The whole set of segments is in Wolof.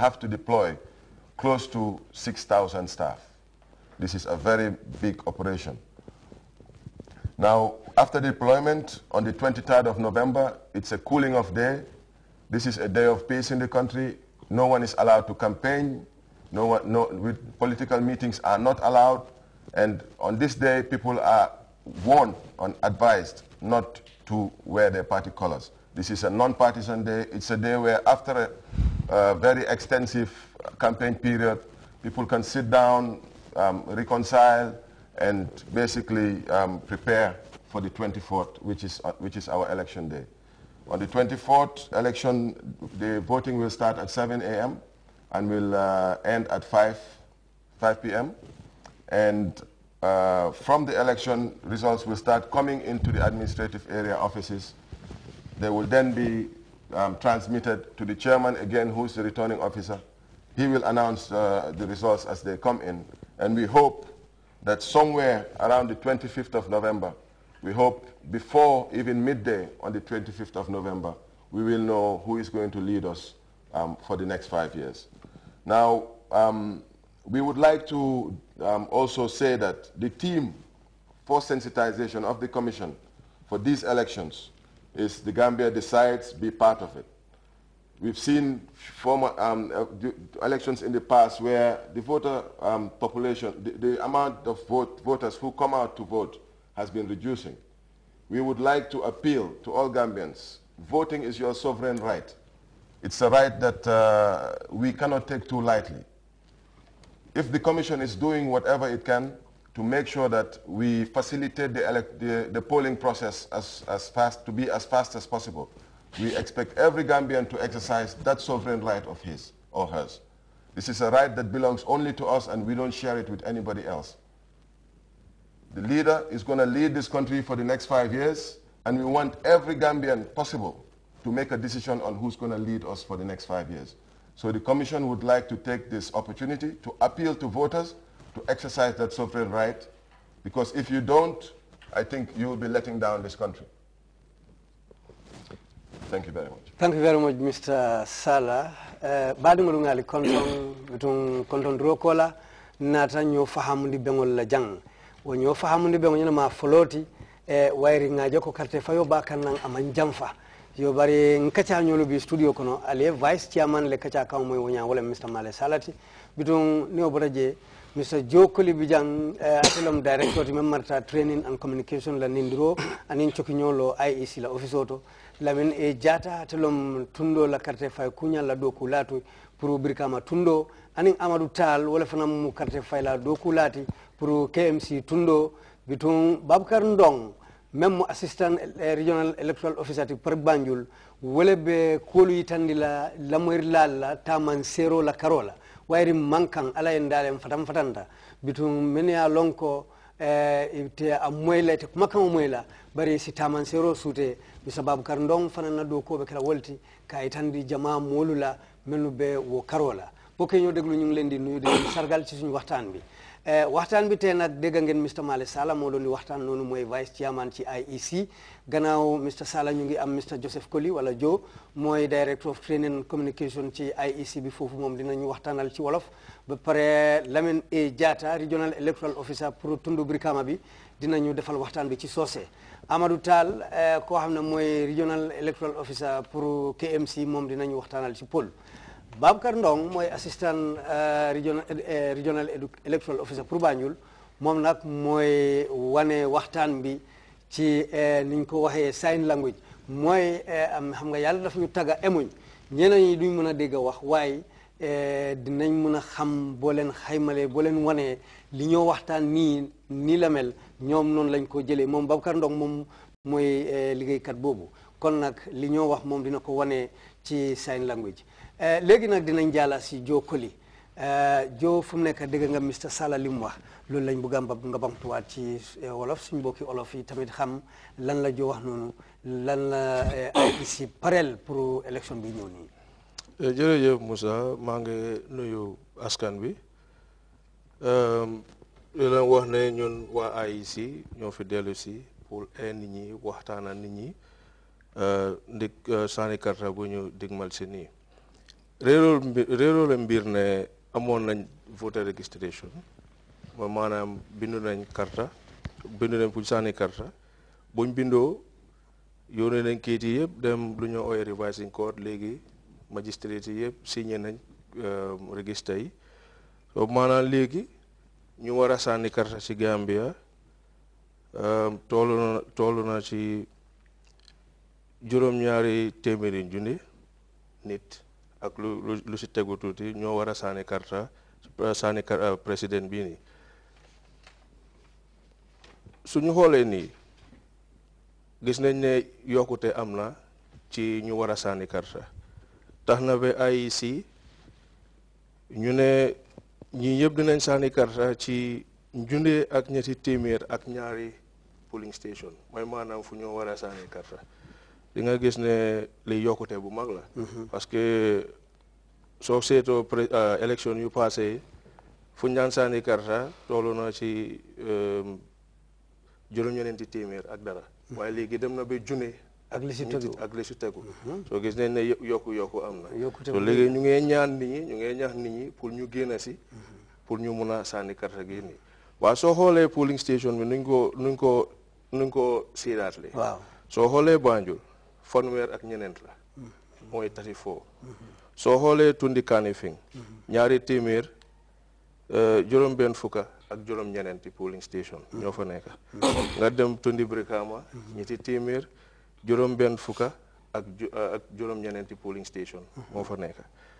have to deploy close to 6,000 staff. This is a very big operation. Now, after deployment, on the 23rd of November, it's a cooling off day. This is a day of peace in the country. No one is allowed to campaign. No, one, no political meetings are not allowed. And on this day, people are warned and advised not to wear their party colors. This is a non-partisan day. It's a day where after a a very extensive campaign period. People can sit down, um, reconcile, and basically um, prepare for the 24th, which is, uh, which is our election day. On the 24th election, the voting will start at 7 a.m. and will uh, end at 5, 5 p.m. And uh, from the election, results will start coming into the administrative area offices. There will then be um, transmitted to the chairman again, who's the returning officer. He will announce uh, the results as they come in. And we hope that somewhere around the 25th of November, we hope before even midday on the 25th of November, we will know who is going to lead us um, for the next five years. Now, um, we would like to um, also say that the team for sensitization of the Commission for these elections is the Gambia decides be part of it. We've seen former um, uh, elections in the past where the voter um, population, the, the amount of vote, voters who come out to vote has been reducing. We would like to appeal to all Gambians. Voting is your sovereign right. It's a right that uh, we cannot take too lightly. If the Commission is doing whatever it can to make sure that we facilitate the, the, the, polling process as, as fast, to be as fast as possible. We expect every Gambian to exercise that sovereign right of his or hers. This is a right that belongs only to us and we don't share it with anybody else. The leader is going to lead this country for the next five years and we want every Gambian possible to make a decision on who's going to lead us for the next five years. So the Commission would like to take this opportunity to appeal to voters to exercise that sovereign right because if you don't, I think you will be letting down this country. Thank you very much. Thank you very much, Mr. Sala. Eh, Badi mo lungali konton itong konton ruokola nata nyo fahamundi bengol la jang. Wo nyo fahamundi bengol nyo ma foloti eh, wairi ngajo ko karte fayo ba kanang aman jamfa. nkacha nyolo studio kono ale vice chairman le kacha kawo mo wonya Mr. Male Salati bitung ni oboraje Mr. Joe Kulibijan, uh, eh, Asylum Director, Member of training and communication la and anin Chokinolo, IEC la La lamin e jata atelom tundo la Carte fay kunya la doku latu, pour birkama tundo, anin Amadou Tal, wala Carte mu karte fay la pour KMC tundo, Bitung Babkar Ndong, Memo assistant eh, regional electoral officer ti par Banjul, wala be kolu yitandi la la taman sero la karola. wayri mankan ala en dalen fatan fatanta bitum min ya lonko eh, te a moyla te kuma kan moyla bare si taman sero sute sababu kar ndon fana na do ko be kala wolti ka itandi e la molula menu be wo karola bokke ñoo deglu ñu ngi leen di nuyu di sargal ci suñu waxtaan bi Eh, waxtaan bi tee nag dégg ngeen Mr Malick saala moo doon di waxtaan noonu mooy vice chairman ci IEC gannaaw Mr Sallah ñu ngi am Mr Joseph Koli wala jo mooy director of training and communication ci IEC bi foofu moom dinañu waxtaanal ci wolof ba pare Lamin A Jatta regional electoral officer pour Tundu Brikama bi dinañu defal waxtaan bi ci soose Amadou Tall eh, koo xam ne mooy regional electoral officer pour KMC moom dinañu waxtaanal ci Pol. Babacar Ndong mooy assistant euh, regional euh, regional electoral officer pour Banjul moom nag mooy wane waxtaan bi ci euh, niñ ko waxee sign language mooy am xam nga yàlla daf ñu tagga emuñ ñeneen ñi duñ mën a dégg wax waaye dinañ mun a xam boo leen xaymalee boo leen wanee li ñoo waxtaan ni nii ñoom noonu lañ ko jëlee moom Babacar Ndong moom mooy liggéeykat boobu kon nag li ñoo wax moom dina ko wane ci sign language Eh, léegi nag dinañ jàlla si Joe Colley eh, Joe fu mu nekk dégg nga Mr Sallah li mu wax loolu lañ bëgg a nga bamtuwaat ci eh, wolof suñu mbokki olof yi tamit xam lan la Joe wax noonu lan la si pour élection bi ñëw nii. jërëjëf Moussa maa ngi nuyu askan bi li ehm, leen wax ne ñun waa AIC ñoo fi dellu si pour ay nit ñi waxtaan nit ñi ndig sànni karta bu ñu digmal si nii. réeróol mbir réeróole mbir ne amoon nañ voter registration mooy maanaam bindu nañ karta bindu nañ pour sànni karta buñ bindoo yónnee nañ kayit yi yëpp dem lu ñoo ooyee revising code léegi magistrate yi yëpp signé nañ euh, registre yi so maanaam léegi ñu war a sànni karta ci Gambia euh, toolu na toolu na ci juróom-ñaari téeméeri junni nit ak lu lu si tegu tuuti ñoo war a sànni karta euh, sànni kar euh, président bii nii suñu xoolee nii gis nañ ne yokkute am na ci ñu war a sànni karta tax na ba IEC ñu ne ñii ñëpp dinañ sànni karta ci njundee ak ñetti téeméer ak ñaari polling station mooy maanaam fu ñoo war a sànni karta di nga gis ne li yokkute bu mag la. Mhm. parce que soo seetoo pré euh, élection yu passé fu ñaan sànni karta toolu na ci euh, juróom-ñeenti téeméer ak dara. Mhm. waaye léegi dem na ba junne. ak li si tegu ak li si tegu. Mhm. soo gis nañ ne yokku yokku am na. yokkute léegi ñu ngi ñaan nit ñi ñu ngi ñaax nit ñi pour ñu génn si. pour ñu mun a sànni karta gi nii. waaw soo xoolee polling station bi nuñ ko nuñ ko nuñ ko séedaatle. waaw soo xoolee Banjul. fanweer ak ñeneent la mooy thirty foo soo xoolee tundi Kanifing ñaari téeméer euh, juróom benn fukka ak juróom ñeneenti polling station ñoo fa nekk nga dem tundi Brikama ñetti téeméer juróom benn fukka ak euh, juróom ñeneenti polling station moo fa nekk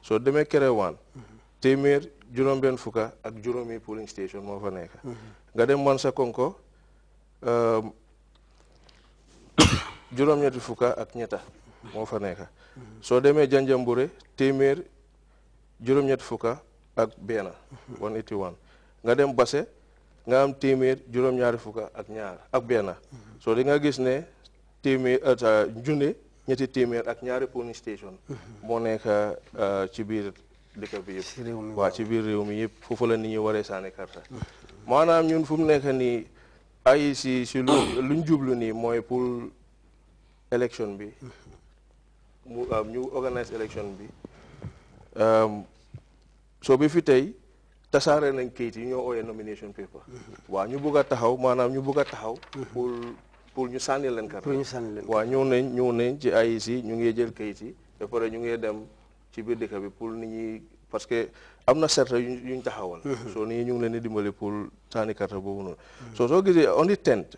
soo demee Kerewaan téeméer juróom benn fukka ak juróomi polling station moo fa nekk nga dem Mansa Konko euh, juróom-ñetti fukka ak ñetta moo fa nekk soo demee Janjanbureh téeméer juróom-ñetti fukka ak benn one eighty nga dem Basse nga am téeméer juróom-ñaari fukka ak ñaar ak benn soo di nga gis ne téeméer euh, junne ñetti téeméer ak ñaari polling station moo nekk euh, ci biir dëkk bi yëpp waa ci biir réew mi yëpp foofu la nit ñi waree saani karta maanaam ñun fu mu nekk nii si lu jublu nii mooy pour élection bi mu euh, ñu organise élection bi euh, soo bi fi tey tasaare nañ kayit yi ñoo ooyee nomination paper waaw ñu bugg taxaw maanaam ñu bugg a taxaw pour pour ñu sànni leen kat ñu sànni leen waaw ñëw nañ ñëw nañ ci AIC ñu ngi jël kayit yi ba ñu ngi dem ci biir dëkk bi pour ni ñi parce que am na certes yu ñu taxawal soo nit ñu ngi leen dimbali pour sànni carte boobu noonu soo soo gisee on the tenth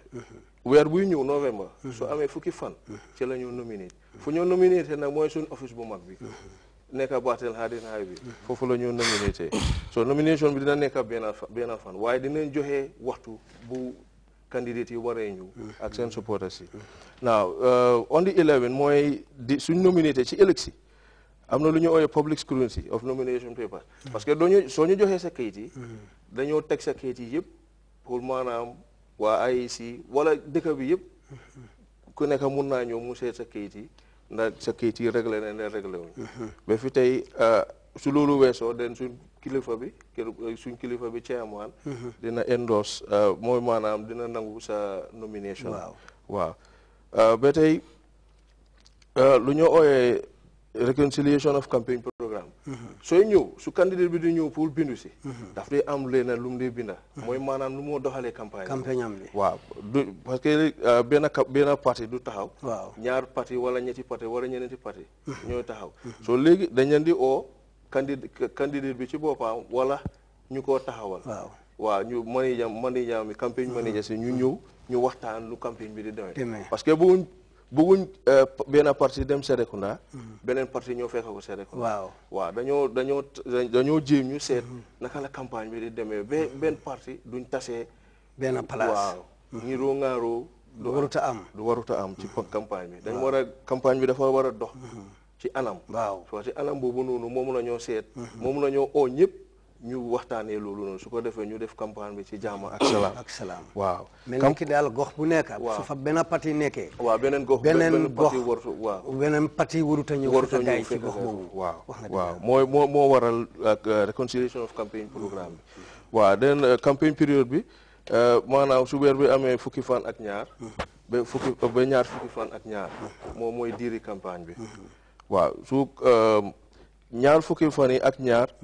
We weer buy ñëw novembre. Mm-hmm. su amee fukki fan. ci la ñu nominate fu ñu and nag mooy suñu office bu mag mm-hmm. bi. nekk baatel Harding Highway bi. Mm-hmm. foofu la ñu nominate so nomination bi dina fan. Why didn't you dinañ what to bu candidate you were in you accent supporters yi. now uh, on the 11 mooy di suñ nominate ci i am not lu ñu ooyee public scrutiny of nomination papers. Because que doo ñu soo ñu joxee sa kayit yi. dañoo teg sa kayit yi waa AIC wala dëkk bi yëpp ku nekk mun naa ñëw mu seet sa kayit yi ndax sa kayit yi réglé na ne réglé wuñ ba mhm. fi tey euh, su loolu weesoo den suñ kilifa bi euh, suñ kilifa bi chairman mhm. dina endorse euh, mooy maanaam dina nangu sa nomination waaw ba tey lu ñu ooyee reconciliation of campaign sooy ñëw su candidat bi di ñëw pour bindu si. daf dee am leen lu mu dee binda. mooy maanaam lu moo doxalee campagne campagne am bi waaw du parce que euh, benn ka benn parti du taxaw. waaw ñaar parti wala ñetti parti wala ñeneenti parti. Uhuh. ñooy taxaw uhuh. soo léegi dañ leen di oo candid candidat bi ci boppam wala ñu koo taxawal. waaw waaw man manager manager mi campagne manager si ñu ñëw ñu waxtaan lu campagne bi di demee. parce que bu bëgguñ euh, benn parti dem Serekunda mm-hmm. beneen parti ñoo fekk ko Serekunda waaw waaw dañoo dañoo dañoo jéem ñu seet mm-hmm. naka la campagne bi di demee ba mm-hmm. benn parti duñ tasee benn place waaw ñiroo ŋaaroo du waruta am du waruta am ci campagne bi dañ war a campagne bi dafa war a dox ci anam waaw ci anam boobu noonu moom la ñoo seet moom la ñoo oo ñëpp ñu waxtaanee loolu noonu su ko defee ñu def campagne bi ci jàmm ak salaam ak salaam waaw mel ni ki daal gox bu nekk su fa benn parti nekkee waaw beneen gox beneen gox wartu waaw beneen parti waruta ñëw waruta ñëw ci gox boobu waaw waaw mooy moo waral euh, reconciliation of campaign programme bi waaw den euh, campagne période bi euh, maanaam su weer bi amee fukki fan ak ñaar ba fukki ba ñaar fukki fan ak ñaar moom mooy diiri campagne bi mm-hmm. waaw su ñaar fukki fan yi ak ñaar